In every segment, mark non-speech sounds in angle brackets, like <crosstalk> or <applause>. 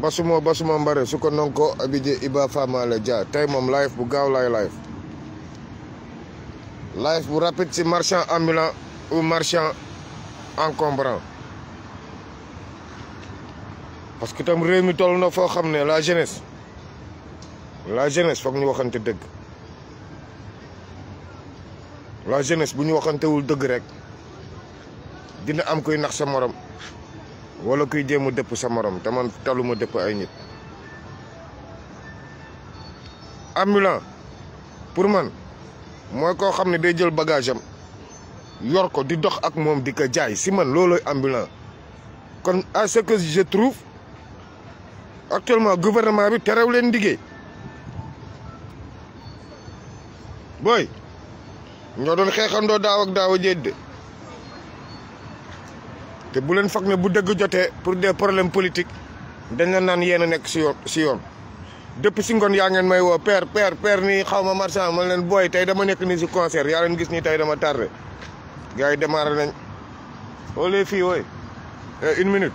basuma basuma mbare su ko nonko abidje iba famale dia tey moom live bu gaaw laay live bu rapide ci marchand ambulant ou marchand encombrant parce que tam réew mi toll na foo xam ne la jeunesse la jeunesse foog ñu waxante dëgg la jeunesse bu ñu waxantewul dëgg rek dina am kuy nax sa morom wala kuy jéem a dëpp sa moroom te man taluma dëpp ay nit. ambulant pour man mooy koo xam ne day jël bagage am yor ko di dox ak moom di ko jaay si man loolooy ambulant kon à ce trouve actuellement gouvernement bi terew leen liggéey ñoo doon xeexandoo daaw ak daaw a jédd te bu leen foog ne bu dëgg jotee pour des problèmes politiques dañ la naan yéen a nekk si yoon si yoon depuis si ngoon yaa ngeen may woo père père père nii xaw ma marchand ma leen booy tey dama nekk nii si concert yaa leen gis ni tay dama tardé gars yi démarré nañ ole fii wooy une minute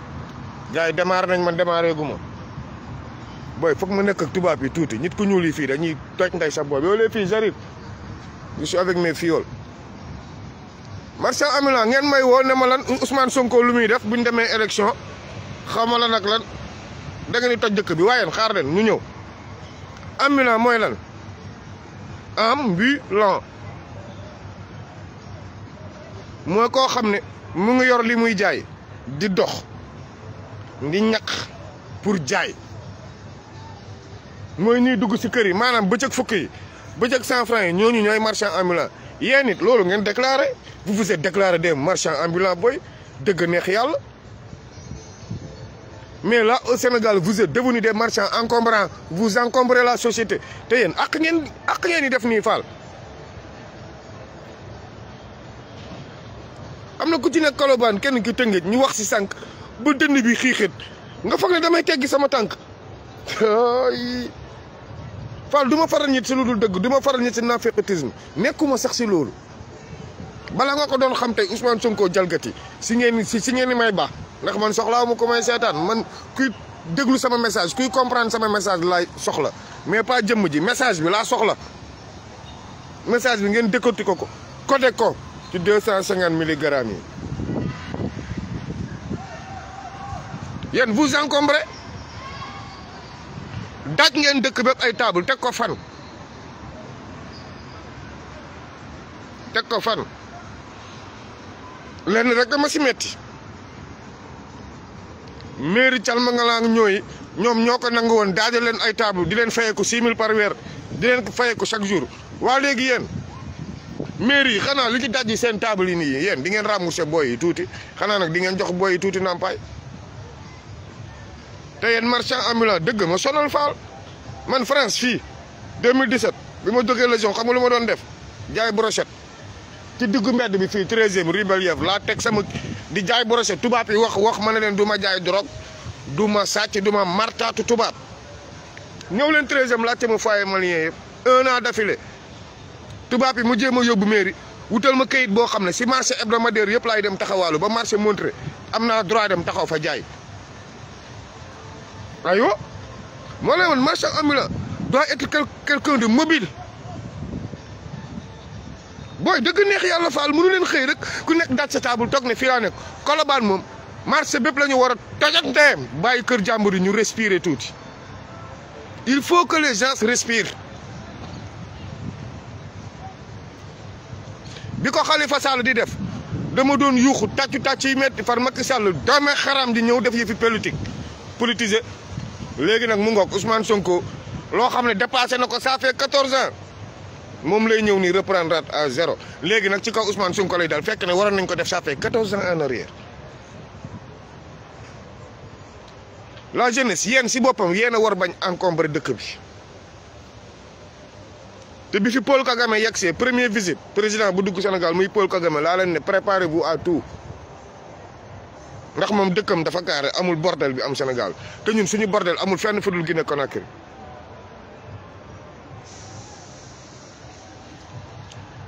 gars yi démarré nañ man démarré gu ma booy foog ma nekk tubaab yi tuuti nit ku ñuul yi fii dañuy toj ndey sa booy ole oh, fii jarif je suis avec mes fioles marchand amela ngeen may wo ne ma lan Ousmane Sonko lumuy def buñ démé élection xamala nak lan da nga ni toj dëkk bi waaye xaar leen ñu ñëw amela moy lan bi lan ko xamné mu ngi yor li muy jaay di dox di ñak pour jaay moy dugg ci kër yi manam bëcëk fukk yi bu francs, cent franc yi ñooñu ñooy marchand ambulant yéen it loolu ngeen déclaré vous vous êtes déclaré des marchands ambulants boy, de neex mais là au Sénégal vous êtes devenu des marchands encombrants vous encombrez la société te yéen ak ngeen ak ngeen qui def nii faal am na ku ci nekk Colobane kenn ki tëngëj ñu wax si sànq ba dënn bi xiixit nga foog damay teggi sama tànk <laughs> fal duma faral nit ci lu dul dëgg du ma faral nit si naaféqitisme nekkuma sax ci loolu bala nga ko doon xam tay Ousmane Sonko jalgati si ngeen si ngeen may ba ndax man soxlaa mu ko may setan man kuy deglu sama message kuy comprendre sama message lay soxla mais pas jëm ji message bi la soxla message bi ngeen dekkoti ko ko codé ko ci 250 mg Yen yi vous encombrez daaj ngeen dekk bepp ay table tek ko fanu tek ko fanu len rek dama ci metti mairie Thialmangalang ñooy ñoom ñoo ko nangu woon daaje len ay table di len fayeku 6000 par wer di ko fayeku chaque jour wa legi yeen mairie yi xanaa li ci dajji sen table ni yeen di ngeen rembourser boy yi tuuti xanaa di ngeen jox boy yi tuuti te yéen marchand ambulant dëgg ma sonal faal man France fii 2017 bi ma jógee Légion xam nga lu ma doon def jaay brochette ci diggu mbedd bi fii 13e rue laa teg sama di jaay brochette tubaab yi wax wax ma ne leen du ma jaay drogue du ma sàcc du ma martaatu tubaab ñëw leen 13e laajte ma foyer malien yëpp un an d'affilée tubaab yi mu jéem a yóbbu mairie wutal ma kayit boo xam ne si ma hebdomadaire yëpp laay dem taxawaalu ba marché montré am naa droit dem taxaw fa jaay. Aïe Moi, le marchand ambulant doit être quelqu'un de mobile. Boy, de neex yàlla faal mënu leen xëy rek ku nekk daaj sa table toog ne fii laa nekk kolobaan moom marché bépp la ñu war a tojat ndeyam bàyyi kër jàmbur yi ñu respirer il faut que les gens respirent. Biko Khalifa Sall di def dama doon yuuxu tàccu tatu yi metti far Macky Sall me kharam di ñëw def yifi politique politiser. légui nak mu ngok Ousmane Sonko lo xamné dépassé na ça fait 14 ans mom lay ñëw ni reprendre à zéro légui nak ci kaw Ousmane Sonko lay dal fekk né waroon nañ ko def ça fait 14 ans en arrière. la jeunesse yeen si bopam yéen war bañ encombre dëkk bi té bi fi Paul Kagame yegsee première visite président bu dugg Sénégal muy Paul Kagame la lañ né préparez-vous à tout. ndax moom dëkkam dafa kaare amul bordel bi am Sénégal te ñun suñu bordel amul fenn fudul Guinée Conakry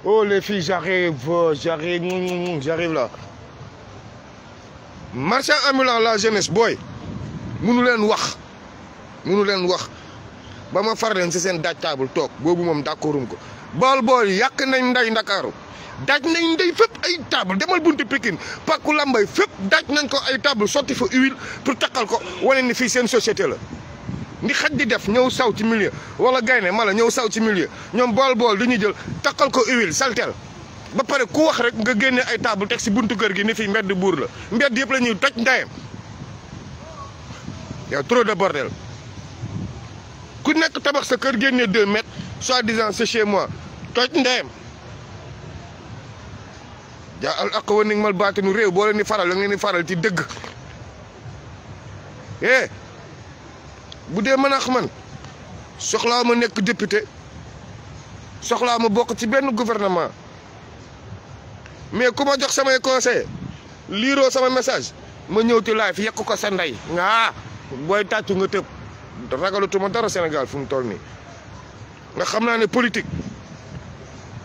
oh les filles j'arrive euh, j'arrive mm, mm, mm, j'arrive là marchand ambulant la jeunesse booy munu leen wax munu leen wax ba ma far leen si seen daaj taabul toog boobu moom d'accordum ko bool bool yàq nañ nday ndakaaru daj nañ ndey fep ay table demal buntu pekin pàkku lambay fep daj nañ ko ay table sotti fo huile pour takal ko wone ni fi sen société la ni xaj di def ñew saw ci milieu wala gayne mala ñew saw ci milieu ñom bol bol duñu jël takal ko huile saltel ba pare ku wax rek nga génne ay table tek ci buntu kër gi ni fi mbedd bour la mbedd yep lañuy toj ndayam ya trop de bordel ku nek tabax sa kër génne 2 mètres soit disant c'est chez moi toj ndayam jaa al aq mal baatinu réew boo leen faral da ngeen faral ci deug eh budé man ak man soxlaa ma nekk député soxlaa ma bokk ci benn gouvernement mais kuma jox sama conseil liro sama message ma ñew ci live yekk ko sa nday nga boy tatu nga tepp ragalutuma dara Sénégal fu mu tolni nga xamna né politique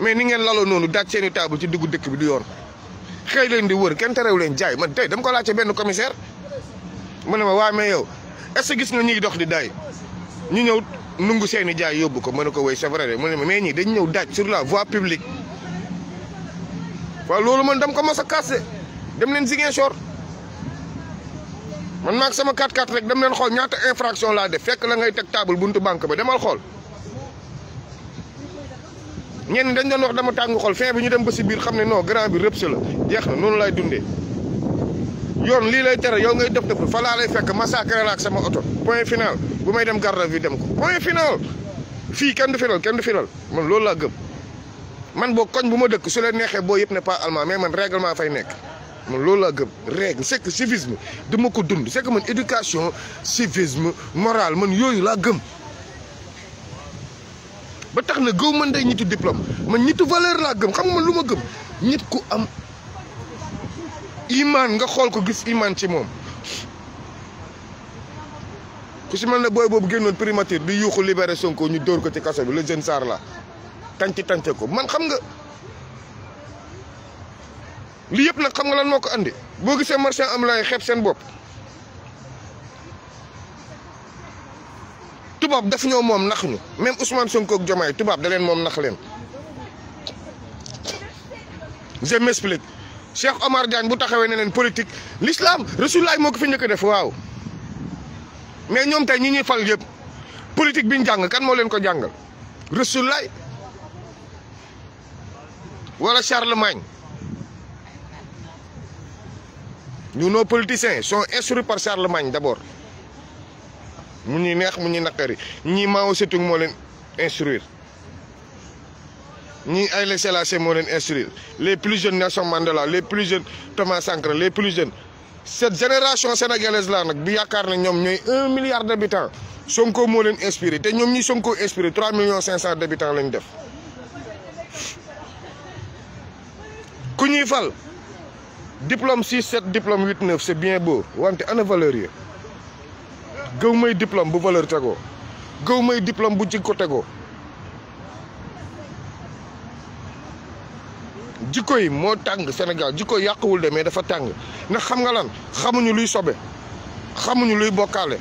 mais ni ngeen laloo noonu daaj seen i ci diggu dëkk bi du yoon xëy leen di wër kenn terew leen jaay man tey dama ko laajte benn commissaire mu ne ma waa mais yow est-ce que gis nga ñuy dox di daay ñu ñëw nungu seen i jaay yóbbu ko mën na ko wéy c'est vrai mu ne ma mais ñii dañ ñëw daaj sur la voie loolu man dam ko mos a kaase dem leen Ziguinchor man maag sama 4-4 rek dem leen xool ñaata infraction laa de fekk la ngay teg table bunt banque ba demal xool ñenn dañ doon wax dama tàng xol fin bi ñu dem ba si biir xam ne non grand bi rëbs la jeex noonu lay dundee yoon lii lay tere yow ngay def dëpp fa laa lay fekk massacre la ak sama oto point final bu may dem garde bi dem ko point final fii kenn du final kenn du final man loolu laa gëm man boo koñ bu ma dëkk su leen neexee boo yëpp ne pas allemand mais man règlement fay nekk man loolu laa gëm règle c'est que civisme dama ko dund c'est man éducation civisme morale man yooyu laa gëm ba tax na gëw man day ñitu diplôme man ñitu valeur laa gëm xam nga man lu ma gëm ñit ku am imaan nga xool ko gis imaan ci moom ku si mel ne booy boobu génnoon primature di yuuxu libere Sonko ñu dóor ko ci kaso bi le jeune saar la tànc tànce ko man xam nga li yëpp nag xam nga lan moo ko indi boo gisee marchand am laay xeeb seen bopp tubaab daf ñoo moom nax ñu même Ousmane Sonko ak Diomaye tubaab daleen leen moom nax leen. je m'explique Cheikh Omar Diagne bu taxawee ne leen politique l'islam Rasulullah moo ko fi njëkk def waaw mais ñoom tey ñi ñuy fal yëpp politique bi ñu jàng kan moo leen ko jàngal Rasulullah wala Charlemagne ñu nos politiciens sont instruits par Charlemagne d'abord. mu ñuy neex mu ñi naqari ñii Mao Zedong moo leen instruire ñii Haïlé Sélassié moo leen instruire les plus jeunes Nelson Mandela les plus jeunes Thomas Sankara les plus jeunes cette génération sénégalaise là nak bi yaakaar na ñom ñoy 1 milliard d'habitants Sonko mo len inspirer té ñom ñi Sonko inspirer 3 millions 500 d'habitants habitants lañ def ku ñuy diplôme 6 7 diplôme 8 9 c'est bien beau wante ana valeur yi gëw may diplôme bu valeur tegoo gëw may diplôme bu jikko tegoo jikko yi moo tàng Sénégal jikko yàquwul de mais dafa tàng ndax xam nga lan xamuñu luy sobe xamuñu luy bokkaale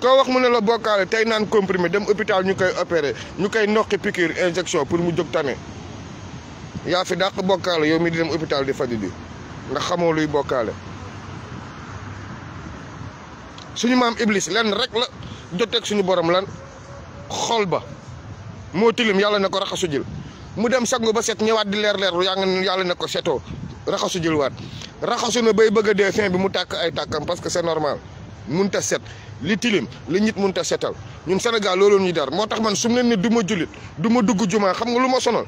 koo wax mu ne la bokkaale tey naan comprimer dem hôpital ñu koy opéré ñu koy noqi piqûre injection pour mu jóg tane yaa fi dàq bokkaale yow mi di dem hôpital di faju bi ndax xamoo luy bokkaale suñu mam iblis len rek la joteeg suñu borom lan xol ba mo tilim yalla nako ko raxasu jil mu dem sangu ba set ñewat di leer leerlu ya nga yalla nako ko raxasu jil wat raxasu na bay bëgg a fin bi mu tak ay takam parce que c'est normal munta set li tilim li nit munta setal ñun Sénégal loolu ñu dar motax man su mu leen ne du ma jullit dugg juma xam nga luma sonal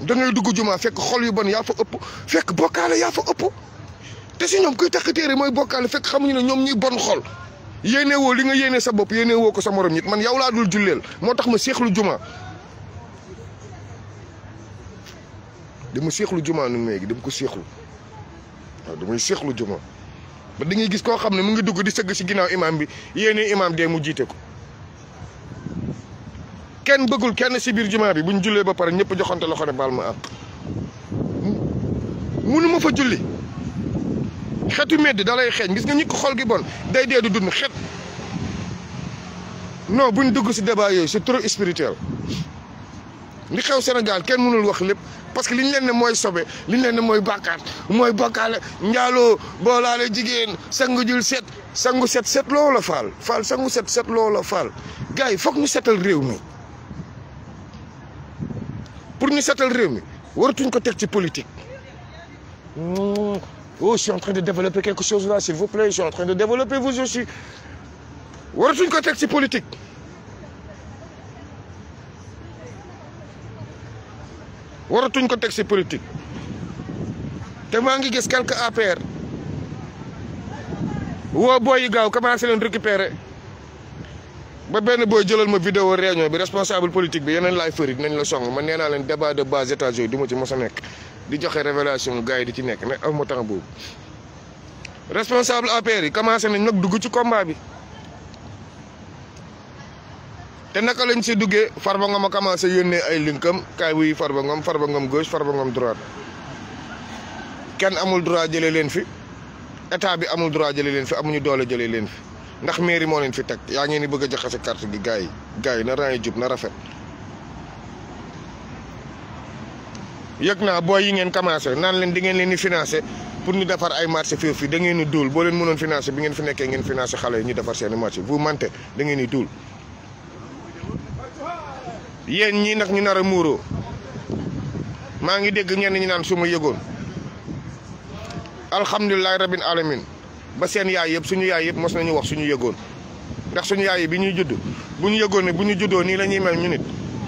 da ngay dugg juma fekk xol yu bon ya fa upp fekk bokal ya fa upp te si ñom kuy takk téré moy bokal fekk ne ñom ñi bon xol yene wo li nga yene sa bop yene wo ko sa morom nit man yaw la dul julel, motax ma cheikh lu juma dama lu juma nu meegi dama ko seexlu dama cheikh lu juma ba di ngay gis ko xamne mu ngi dugg di seug ci ginaaw imam bi yene Imam de mu jite ko kenn beugul kenn ci bir juma bi buñ jullee ba par ñepp joxante loxone balma ak ma fa julli xetu medd da lay xeeñ gis nga ñi ko xol gi bon day dee du dund xet non buñ dugg si débat yooyu c'est trop spirituel li xew Sénégal kenn mënul wax lépp parce que li ñu leen ne mooy sobe li ñu leen ne mooy bàkkaar mooy bàkkaale njaaloo boolaale jigéen sangu jul set sangu set set loo la faal faal sangu set set loo la faal gars yi foog ñu setal réew mi pour ñu setal réew mi waratuñ ko teg ci politique. Mm. Oh, je suis en train de développer quelque chose là, s'il vous plaît. Je suis en train de développer vous aussi. Waratuñ ko un contexte politique. contexte politique. récupérer. ba vais vous jëlal ma vidéo réunion bi responsable politique bi yenen lay dinañ la song débat de base états unis duma ci di joxe révélation gaay di ci nek né amu tax temps responsable APR yi commencé nañ nak dugg ci combat bi té naka lañ si duggé Farba Ngom a commencé yónnee ay linkam kay wuy Farba Ngom Farba Ngom gauche Farba Ngom droite kenn amul droit jëlé len fi état bi amul droit jëlé len fi amuñu doole jëlé len fi ndax mairie mo len fi tek ya ngeen ni bëgg carte gi gaay gaay na jup na rafet Yakna naa booy yi ngeen commencé nan leen di ngeen leen di financé pour ñu defar ay marché fi fi da ngeen ni duul bo leen mënon financer bi ngeen fi nekké ngeen financer xalé ñi ñu defar seen marché vous mentez da ngeen ni yeen ñi nak ñu nara muro ma ngi dégg ñi nan suma yegoon alhamdullilah rabbil alamin ba seen yaay yeb suñu yaay yeb mos nañu wax suñu yegoon ndax suñu yaay yi bi ñuy judd buñu yegoon ni buñu juddo ni lañuy mel ñu nit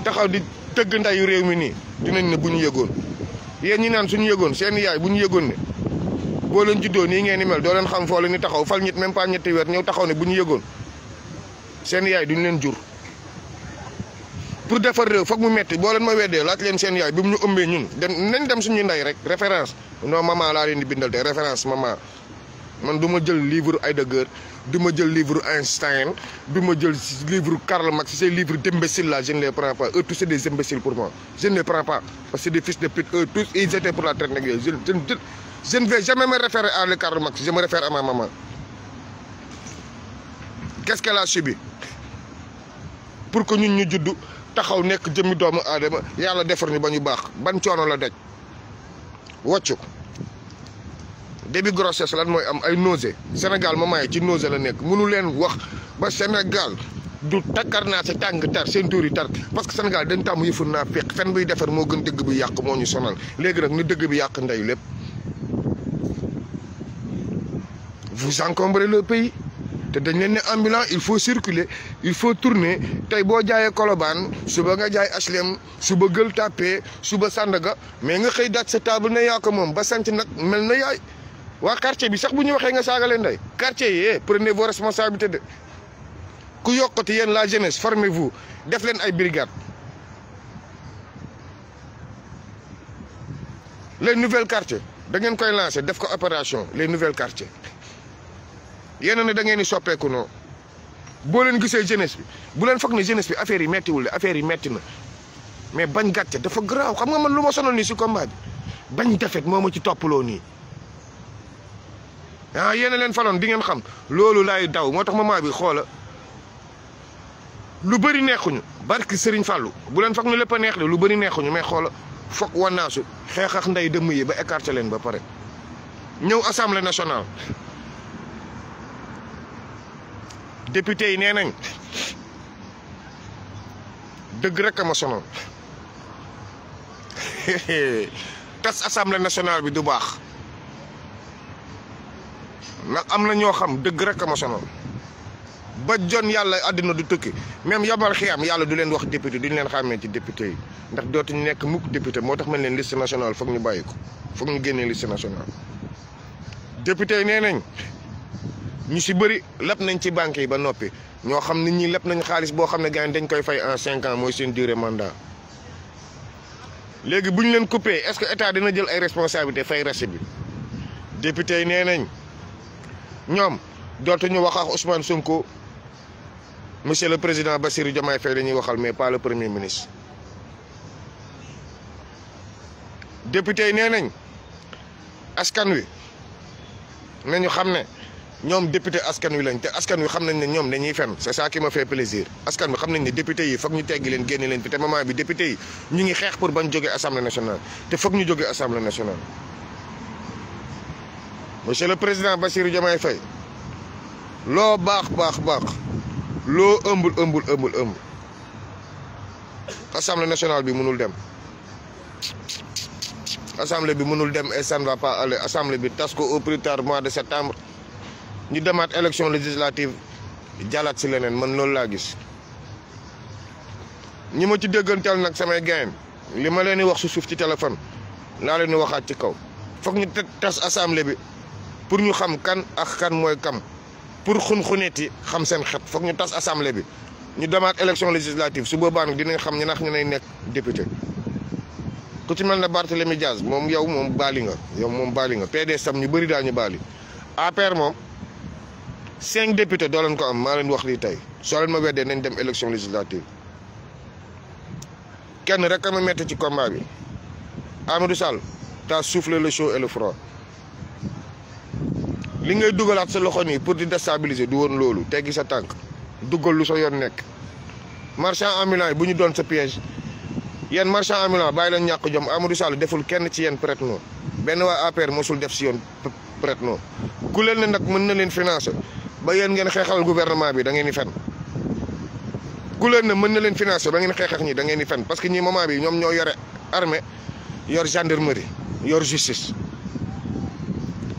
taxaw di tëgg ndeyu réew mi nii dinañ ne bu ñu yëgoon yen ñi naan suñu yëgoon seen yaay bu ñu yëgoon ne boo leen juddoo nii ngeen ni mel doo leen xam foo leen ni taxaw fal ñit même pas ñetti weer ñëw taxaw ne bu ñu yëgoon seen yaay duñ leen jur pour defar réew foog mu metti boo leen ma weddee laaj leen seen yaay bi mu ñu ëmbee ñun dem nañ dem suñu ndey rek référence non maman laa leen di bindal de référence maman man duma jël livre Heidegger duma livre Einstein livre Karl Marx ces livres d'imbéciles je ne les prends pas eux tous c'est des imbéciles pour moi je ne les prends pas parce que des fils de pute eux tous ils étaient pour la traite négrière je, ne vais jamais me référer à Karl Marx je me réfère à ma maman qu'est-ce qu'elle a subi pour que nous nous taxaw doomu début grossesse lan moy am ay nausée Sénégal ma may ci nausée la nek mënu leen wax ba Sénégal du takarna sa tang tar sen tuur tar parce que Sénégal dañ tàmm yëful naa fekk fen buy défer mo gën dëgg bi yàq mo ñu sonal légui nak nu dëgg bi yàq ndeyu lépp vous encombrez le pays té dañ leen né ambulant il faut circuler il faut tourner tay bo jaayee Colobane suba nga jaay HLM suba Gueule tapé suba Sandaga mais nga xey daaj sa table né yaa mom ba sant nak melna yaay wa quartier bi sax buñu waxe nga saaga leen day quartier yi prenez vos responsabilités de ku yokkati yeen la jeunesse formez-vous def len ay brigade les nouvelles quartiers da ngeen koy lancer def ko opération les nouvelles quartiers yeen ne da ngeen ni soppeku no bo len gisee jeunesse bi bu len fakk ni jeunesse bi affaire yi metti de affaire yi metti na mais bagn gatte dafa graw xam nga man luma sonal ni ci combat bi defet moo ci toppaloo ni ah yéen leen faloon di ngeen xam loolu laay daw moo tax maman bi xoola lu bëri neexuñu barki Serigne fàllu bu leen foog lépp a neex de lu bëri neexuñu mais xoola foog wannaasu xeex ak ndey dëmm yi ba écarté leen ba pare ñëw assemblée national député yi nee nañ dëgg rek a ma sonal tas <laughs> assemblée nationale bi du baax ndax am na ñoo xam dëgg rek a ma ba jon yàlla àddina du tukki même yabar xiyam yàlla du leen wax député duñu leen xàmmee ci député yi ndax dootuñu nekk mukk député moo tax man leen liste national foog ñu bàyyi ko foog ñu génnee liste national député yi nee nañ ñu si bëri leb nañ ci banques yi ba noppi ñoo xam nit ñi leb nañ xaalis boo xam ne gars yi dañ koy fay en cinquant mooy seen durée mandat léegi bu ñu leen coupé est-ce que état dina jël ay responsabilité fay rase bi député yi nee nañ. ñoom dootuñu wax ak Ousmane Sonko monsieur le président bassir Diomaye Faye la ñuy waxal mais pas le premier ministre. député yi nee nañ askan wi nañu xam ne ñoom député askan wi lañ te askan wi xam nañ ne ñoom dañuy fen c'est ça qui m'a fait askan wi xam nañ ne député yi foog ñu teggi leen génne leen fi te moment bi député yi ñu ngi xeex pour bañ jóge assemblée nationale te foog ñu jóge assemblée nationale. monsieur le président Bassir Diomaye Fay lo bax bax bax lo eumbul eumbul eumbul eumbul assemblée nationale bi mënul dem assemblée bi mënul dem et ça ne va pas aller assemblée bi tas ko au plus tard mois de septembre ñu demat élection législative jalat ci lenen man lool la gis ñi ma ci déggantal nak samay gayen li ma leen wax su suuf ci téléphone laa leni waxat ci kaw foog ñu tass assemblée bi pour ñu xam kan ak kan moy kam pour xun xuneti xam seen xet fokk ñu tas assemblée bi ñu demaat élection législative su boobaa nag dinañ xam ñu nax ñu lay nek député ku ci mel Barthélemy Diaz mom yow mom bali nga yow mom bali nga PD sam ñu bari daa ñu baali APR mom 5 député do lañ ko am ma leen wax li tay so leen ma weddee nañ dem élection législative kenn rek ma metti ci combat bi Amadou Sall t'as souffler le chaud et le froid li ngay dugalaat sa loxo nii pour di déstabiliser du woon loolu teggi sa tànk dugal lu sa yoon nekk marchand ambulant yi bu ñu doon sa piège yéen marchand ambulant bàyyi leen ñàkk jom Amadou Sall deful kenn ci yéen prête non benn waa APR mosul def si yoon prête non ku leen ne nag mën na leen financer ba yéen ngeen xeexal gouvernement bi da ngeen di fen ku leen ne mën na leen finance ba ngeen xeexax ñi da ngeen di fen parce que ñi moment bi ñoom ñoo yore armée yor gendarmerie yor justice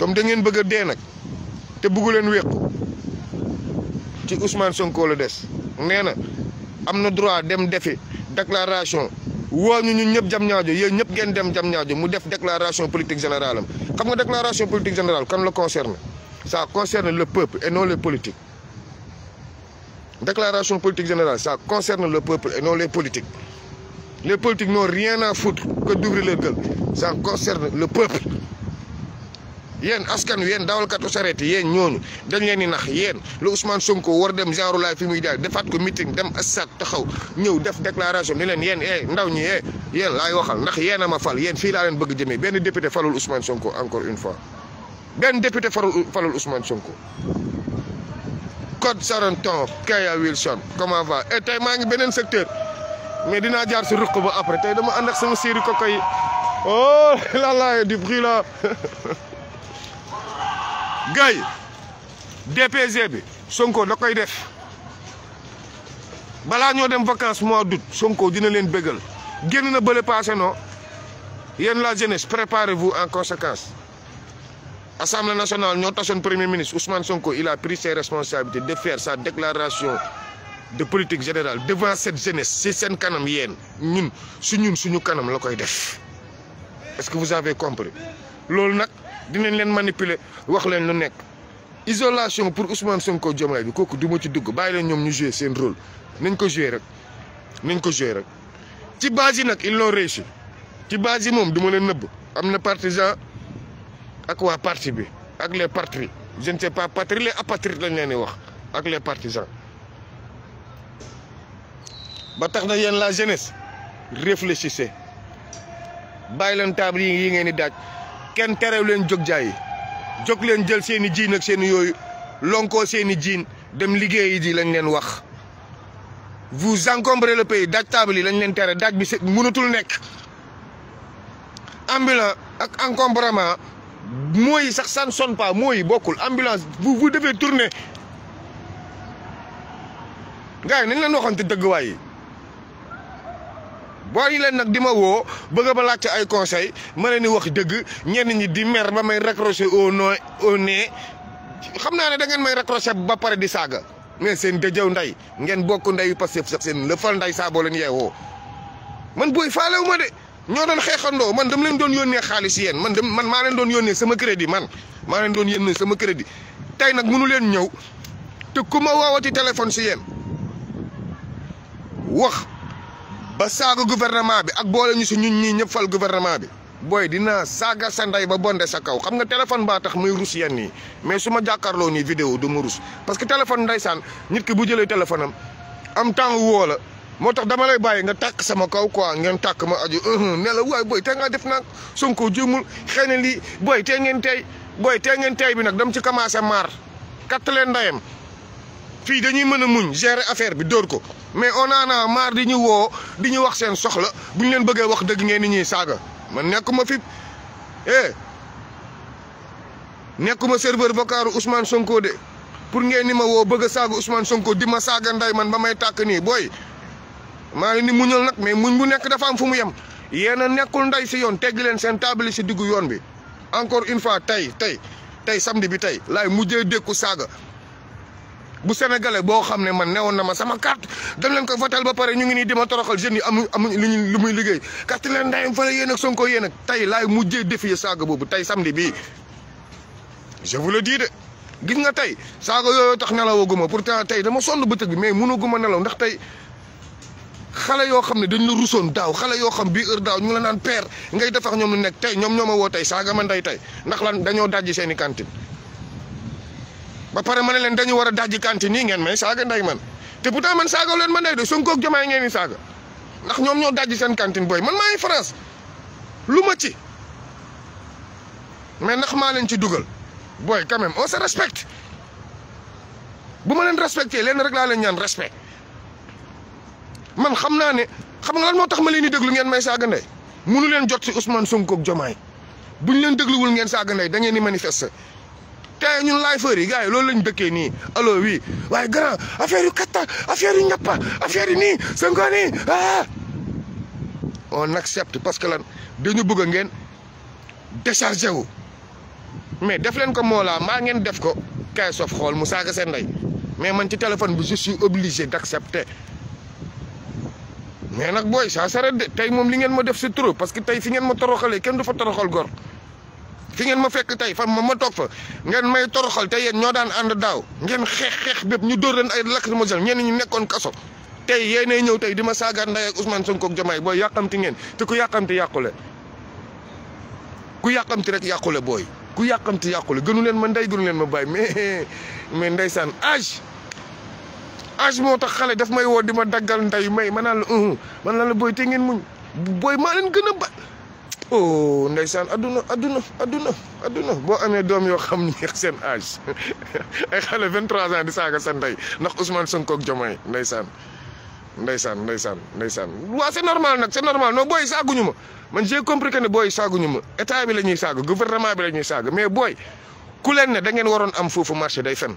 comme da ngeen bëgg a dee nag te bëggu leen wéqu ci Ousmane Sonko la des nee na am na droit dem defi déclaration woo ñu ñu ñëpp jam ñaajo yéen ñëpp ngeen dem jam ñaajo mu def déclaration politique générale xam nga déclaration politique générale kan la concerne ça concerne le peuple et non les politiques déclaration politique générale ça concerne le peuple et non les politiques les politiques n'ont rien à foutre que d'ouvrir leur gueule concerne le peuple Yen askan Yen dawal kata sareti Yen ñooñu dañ leen ni nax Yen lu Ousmane Sonko war dem genre laay fi muy dal defat ko meeting dem assat taxaw ñew def déclaration ni leen yen eh ndaw ñi eh yen lay waxal nax yen ama fal Yen fi la leen bëgg jëme ben député falul Ousmane Sonko encore une fois ben député falul falul Ousmane Sonko. Code Saranton Kaya Wilson comment va et eh, tay ma ngi benen secteur mais dina jaar ci rukku ba après tay dama sama oh lalai <laughs> la du bruit là. <laughs> gay D.P.Z.B. Sonko da koy def bala ñoo dem vacances mois d'août Sonko dina leen bégal pas na faire passé non a la jeunesse préparez-vous en conséquence Assemblée nationale ñoo premier ministre Ousmane Sonko il a pris ses responsabilités de faire sa déclaration de politique générale devant cette jeunesse C'est sen kanam yéen ñun su suñu kanam def est-ce que vous avez compris dinañ leen manipuler wax leen lu nekk isolation pour Ousmane Sonko Diomaye bi kooku du ma ci dugg bàyyi leen ñoom ñu jouer seen rôle nañ ko jouer rek nañ ko jouer rek ci base yi nag ils l'ont réussi ci base yi moom du leen nëbb am na partisan ak waa parti bi ak les patries je ne sais pas patrie les apatrides lañ leen di wax ak les partisans ba tax na yéen la jeunesse réfléchissez bàyyi leen table yi ngeen di daaj kenn terew leen jóg jaay jóg leen jël seeni i jiin ak seen yooyu lonkoo seeni jiin dem liggéeyi ji lañ leen wax. vous encombrez le pays daaj taabal yi lañ leen tere daaj bi mënatul nekk ambulance ak encombrement mooy sax ça ne sonne pas bokkul ambulance vous vous devez tourner gars yi nañ leen waxante dëgg waay booy leen nag di ma woo bëgg ma laajte ay conseil ma leen wax dëgg ñenn ñi di mer ba may raccroché au noo au nez xam naa ne da ngeen may raccroché ba pare di saaga mais seen dëjëw ndey ngeen bokk nday Pastef sax seen lëfal nday saaboo boo leen yeewoo man booy faalewu ma de ñoo doon xeexandoo man dama leen doon yónnee xaalis yéen man dem man maa leen doon yónnee sama crédit man maa leen doon yónnee sama crédit tey nag mënu leen ñëw te ku ma woowati téléphone si yéen wax ba saaga gouvernement bi ak boole ñu si ñun ñii ñëpp fal gouvernement bi booy dina saaga sa ndey ba bonde sa kaw xam nga téléphone baa tax muy rus yenn yi mais su ma jàkkaarloo nii vidéo du ma rus parce que téléphone ndeysaan nit ki bu jëlee téléphone am am temps woo la moo tax dama lay bàyyi nga tàkk sama kaw quoi ngeen tàkk ma aju ne la waay booy te ngaa def nag Sonko jëmul xëy na lii booy tey ngeen tey booy tey ngeen tey bi nag dam ci commencé maar katt leen ndeyam fii dañuy mën a muñ gérer affaire bi dóor ko mais on en a marre di ñu woo di ñu wax seen soxla bu ñu leen bëggee wax dëgg ngeen ni ñuy saaga man nekkuma fi eh nekkuma serveur vocaaru Ousmane Sonko de pour ngeen ni ma woo bëgg a saaga Ousmane Sonko di ma saaga nday man ba may tàkk nii booy maa ngi ni muñal nag mais muñ bu nekk dafa am fu mu yem yéen a nekkul ndey si yoon tegg leen seen table si diggu yoon bi encore une fois tey tey tey samedi bi tey laay mujjee dékku saaga. bu sénégalais bo xamné ne man néwon na ma sama carte dañ leen koy votel ba paré ñu ngi ni dima toroxal jeunes yi amu amu lu ñu lu muy liggéey carte leen ndayam fële yeen ak sonko yeen ak lay mujjé mujjee défier saga bobu tay samedi bi je vous le dis de gis nga yo saga yooyu tax nelawaguma pourtant tay dama sonu bëtëg bi mais guma nelaw ndax tay xalé yo xamné ne dañ la rousson daw xalé yo xam bi heure daw ñu la naan père ngay defax ñom lu nek tay ñom ñoma wo tay saga man day tay ndax lan dañoo dajji seeni cantine ba paré mané len dañu wara dajji kanti ni ngén may saga nday man té pourtant man saga len man day do sunko kantin ngén ni saga ndax ñom ñoo dajji sen kantine boy man may respect France luma ci mais ndax ma len ci duggal boy quand même on se respecte bu ma respecté rek la len ñaan respect man xamna né xam nga lan mo tax ma leen di déglu ngeen may saga nday mënu len jot ci Ousmane sunko ak buñ len wul ngén saga nday da manifester tay ñun lay fër yi gars loolu lañu dëkke ni allo wi way grand affaire yu katta affaire yu ñappa affaire ni sanko ni ah on accepte parce que lan dañu bëgg ngeen décharger wu mais def leen ko moo laa maa ngeen def ko kay sof xol mu saaga sen ndey mais man ci téléphone bi je suis obligé d'accepter mais nak boy ça s'arrête de tey moom li ngeen ma def c'est trop parce que tay fi ngeen ma toroxalé kenn du fa toroxal gor fi ngeen ma fekk tey fa ma ma toog fa ngeen may toroxal te yéen ñoo daan ànd daaw ngeen xeex xeex bépp ñu dóor leen ay lacrymogène ñenn ñu nekkoon kaso. tey yéenay ñëw tey di ma saagaat nday ak Ousmane Sonko ak Diomaye booy yàqamti ngeen te ku yàqamti yàqule ku yàqamti rek yàqule booy ku yàqamti yàqule gënu leen ma ndey gënu leen ma bàyyi mais <laughs> mais ndeysaan âge âge moo tax xale daf may woo di ma daggal ndey may ma naan la man la booy te ngeen muñ booy maa leen gën a ba oh ndeysaan adduna adduna adduna adduna boo amee doom yoo xam ni seen âge <laughs> ay xale 23 ans di saaga sa ndey ndax Ousmane Sonko ak Diomaye ndeysaan ndeysaan ndeysaan ndeysaan waaw c'est normal nag c'est normal non booy saaguñu ma man j'ai compris que ne booy saaguñu ma état bi la ñuy saaga gouvernement bi la ñuy saaga mais booy ku leen ne da ngeen waroon am foofu marché day fen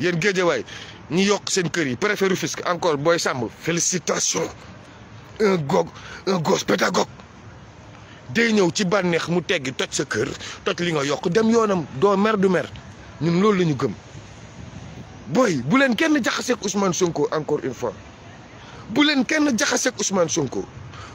yéen géejawaay ñi yokk seen kër yi préfet Rufisque encore booy sàmm félicitation un gog un day ñëw ci bànneex mu teggi toj sa kër toj li nga yokk dem yoonam doo mer du mer ñun loolu la ñu gëm booy bu leen kenn jaxaseeg Ousmane Sonko encore une fois bu leen kenn jaxaseeg Ousmane Sonko.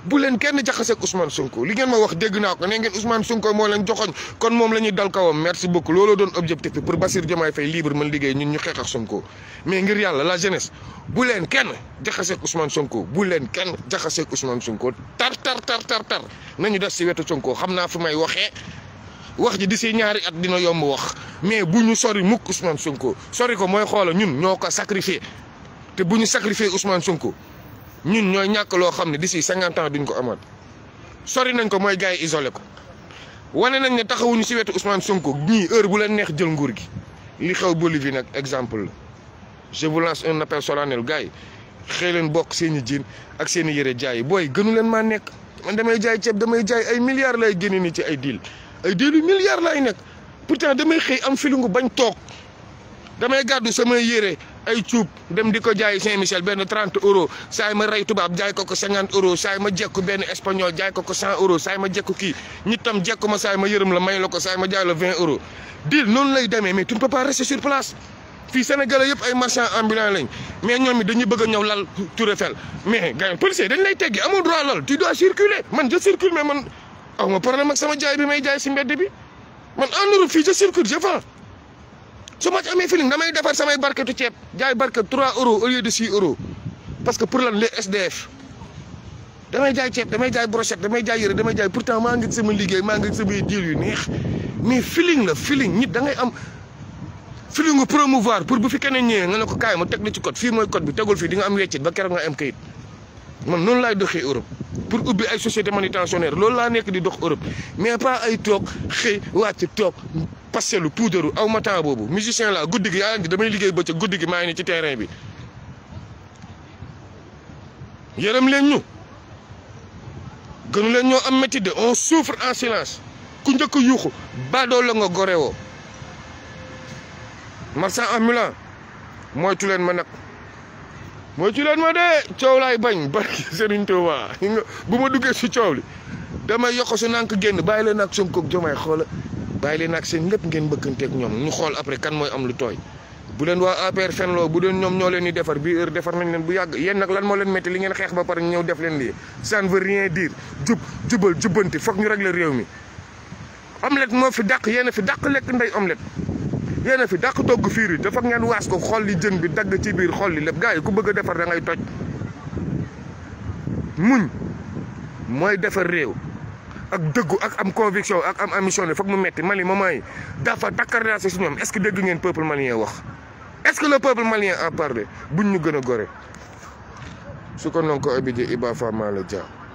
bu leen kenn jaxaseeg Ousmane Sonko li ngeen ma wax dégg naa ko nee ngeen Ousmane Sonko moo leen joxoñ kon moom lañuy ñuy dal kawam merci beaucoup looloo doon objectif bi pour Bassirou Diomaye Faye libre mën liggéey ñun ñu xeex ak Sonko mais ngir yàlla la jeunesse bu leen kenn jaxaseeg Ousmane Sonko bu leen kenn jaxaseeg Ousmane Sonko tar tar tar tar tar nañu des si wetu Sonko xam naa fi may waxee wax ji di si ñaari at dina yomb wax mais bu ñu sori mukk Ousmane Sonko sori ko mooy xoola ñun ñoo ko sacrifié te bu ñu sacrifié Ousmane Sonko. ñun ñoy ñak lo xamni ne d'ici cinquante ans duñ ko amone sori nañ ko moy gaay isolé ko wané nañ ne taxawuñu ci wétu Ousmane Sonko ñii heure bu la neex jël nguur gi li xew Bolivie nak exemple je vous lance un appel solennel gaay yi bok leen jinn ak seen yéré jaay boy gënu leen ma neex man damay jaay ceeb damay jaay ay milliards lay génne ni ci ay deal ay deal yu milliards lay neex pourtant damay xey am filingu bañ tok damay gaddu sama yéré ay cuub dem di ko jaay Saint-Michel benn 30 euros saay ma rey tubaab jaay ko ko 50 euros saay ma jekku benn espagnol jaay ko ko 100 euros saay ma jekku kii ñi tam jekku ma saay ma yërëm la may la ko saay ma jaay la 20 euros dil noonu lay deme mais tu ne peux pas rester sur place fii Sénégalais yëpp ay marchands ambulants lañ mais ñoom it dañuy bëgg a ñëw lal Tour Eiffel mais gars policier dañ lay teggi amoo droit lal tu a circuler man je circule mais man jaay bi may jaay si mbedd bi man en su ma ci amee feeling damay defar samay barketu ceeb jaay barket 3 euros au lieu euros parce que pour lan les SDF damay jaay ceeb damay jaay brochette damay jaay yére damay jaay pourtant maa ngi sama liggéey maa ngi samay diil yu neex mais feeling la feeling nit da ngay am feelingu promouvoir pour bu fi keneen ñëwee nga ne ko kaay ma teg la ci code fii mooy code bi tegul fii di am weccit ba keroog nga am kayit man noonu laay doxee Europe pour ubbi ay société manutentionnaire loolu laa nekk di dox Europe mais ay toog xëy wàcc toog pastelu puudaru aw ma boobu musicien la guddi gi yaa ngi damay liggéey bëccëg guddi gi maa ngi ni ci terrain bi yërëm leen ñu gënu leen ñoo am métti de on souffre en silence ku njëkk yuuxu baadoo la nga gore woo marchand ambulant moytu leen ma nag moytu leen ma de coow laay bañ barki Serigne Touba bu ma duggee si coow li damay yokk su génn bàyyi leen ak Sonko ak Diomaye xoola bàyyi leen ak seen lépp ngeen bëkkanteeg ñoom ñu xool après kan mooy am lu tooy bu leen waa APR fenloo bu doon ñoom ñoo leen di defar bi heure defar nañ leen bu yàgg yéen nag lan moo leen métti li ngeen xeex ba pare ñëw def leen lii ça ne veut rien dire jub jubal jubbanti foog ñu régler réew mi omelette moo fi dàq yéen a fi dàq lekk ndey omelette yéen a fi dàq togg fiir yi te foog ngeen waas ko xool li jën bi dagg ci biir xool li lépp gars yi ku bëgg defar da ngay toj defar réew ak degou, ak am konviksyon, ak am amisyon, fok mou mette, mali, mamay, dafad, dakar da se sinyom, eske degou yon peopel maliyen wak? Eske le peopel maliyen aparde, bun yon geno gore? Sou konon ko ebidye, i bafa mali dja.